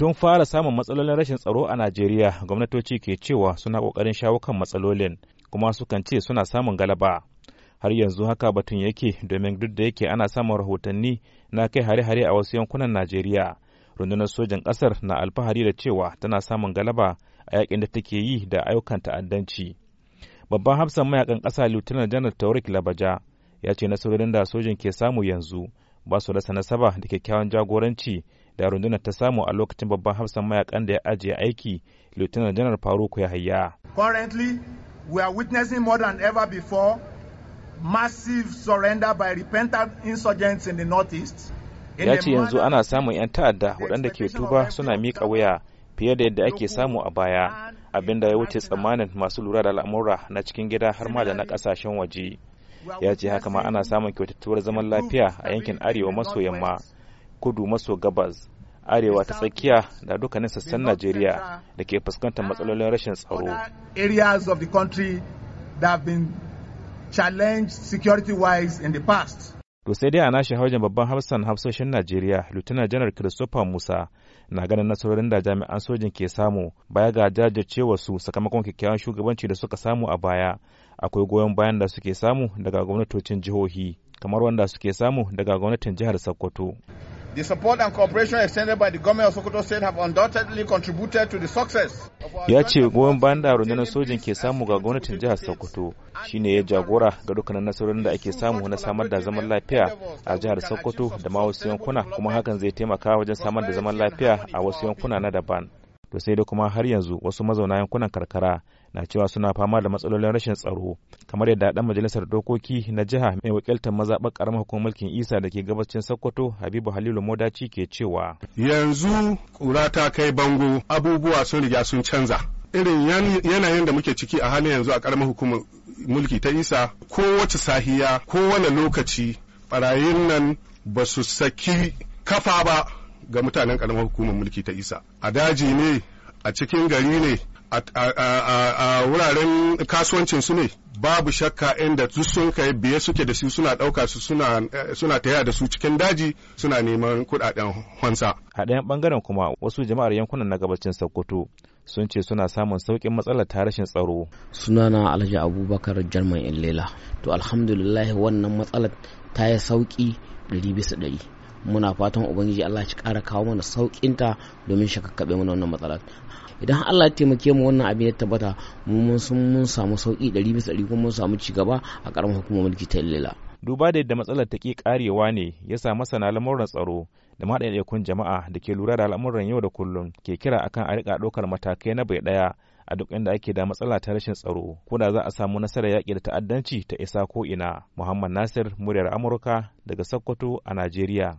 Tun fara samun matsalolin rashin tsaro a Najeriya, gwamnatoci ke cewa suna ƙoƙarin shawo kan matsalolin, kuma sukan ce suna samun galaba. Har yanzu haka batun yake domin duk da yake ana samun rahotanni na kai hare-hare a wasu yankunan Najeriya. Rundunar sojan ƙasar na alfahari da cewa tana samun galaba a yakin da take yi da ayyukan ta'addanci. Babban hafsan mayakan ƙasa Lieutenant Janar Taurik Labaja ya ce na nasarorin da sojan ke samu yanzu ba su rasa nasaba da kyakkyawan jagoranci da rundunar ta samu a lokacin babban hafsan mayakan da ya ajiye aiki lieutenant janar faruku ya hayya currently we are witnessing more than ever before massive surrender by repentant insurgents in the northeast ya ce yanzu ana samun 'yan ta'adda waɗanda ke tuba suna miƙa wuya fiye da yadda ake samu a baya abinda ya wuce tsammanin masu lura da al'amura na cikin gida har ma da na ƙasashen waje ya ce haka ma ana samun kyautattuwar zaman lafiya a yankin arewa maso yamma kudu maso gabas arewa ta tsakiya da dukkanin sassan najeriya da ke fuskantar matsalolin rashin tsaro challenged security-wise in past. To sai dai a nashi haujen babban hafsan hafsoshin Najeriya, Lieutenant Janar Christopher Musa na ganin nasarorin da jami'an sojin ke samu baya ga jajircewa su sakamakon kyakkyawan shugabanci da suka samu a baya. Akwai goyon bayan da suke samu daga gwamnatocin jihohi, kamar wanda suke samu daga gwamnatin jihar Sokoto. The support and cooperation extended by the government of Sokoto State have undoubtedly contributed to the success. Ya ce goyon bayan da rundunar sojin ke samu ga gwamnatin jihar Sokoto shine ya jagora ga dukkanin nasarorin da ake samu na samar da zaman lafiya a jihar Sokoto da ma wasu yankuna kuma hakan zai taimaka wajen samar da zaman lafiya a wasu yankuna na daban. to sai dai kuma har yanzu wasu mazauna yankunan karkara na cewa suna fama da matsalolin rashin tsaro kamar yadda dan majalisar dokoki na jiha mai wakiltar mazaɓar karamar hukumar mulkin isa da ke gabacin sokoto habibu halilu modaci ke cewa yanzu ƙura ta kai bango abubuwa sun riga sun canza irin yanayin da muke ciki a halin yanzu a karamar hukumar mulki ta isa kowace sahiya kowane lokaci barayin nan ba su saki kafa ba ga mutanen karamar hukumar mulki ta isa a daji ne a cikin gari ne a wuraren kasuwancin su ne babu shakka inda duk sun kai biye suke da su suna ɗauka su suna eh, taya da su cikin daji suna neman kuɗaɗen hansa. A ɗayan ɓangaren kuma wasu jama'ar yankunan na gabacin Sokoto sun ce suna samun sauƙin matsalar ta rashin tsaro. Sunana Alhaji Abubakar Jarman Illela. To alhamdulillah wannan matsalar ta yi sauƙi ɗari bisa ɗari. muna fatan ubangiji Allah ya ƙara kawo mana saukin ta domin shi kakkabe mana wannan matsala idan Allah ya taimake mu wannan abin ya tabbata mun sun mun samu sauki 100 bisa 100 kuma mun samu ci gaba a karamar hukumar mulki ta Lila duba da yadda matsalar ta ke karewa ne ya sa masana lamuran tsaro da maɗaiɗaikun jama'a da ke lura da al'amuran yau da kullum ke kira akan a riƙa ɗaukar matakai na bai ɗaya a duk inda ake da matsala ta rashin tsaro ko da za a samu nasarar yaƙi da ta'addanci ta isa ko ina muhammad nasir muryar amurka daga sokoto a najeriya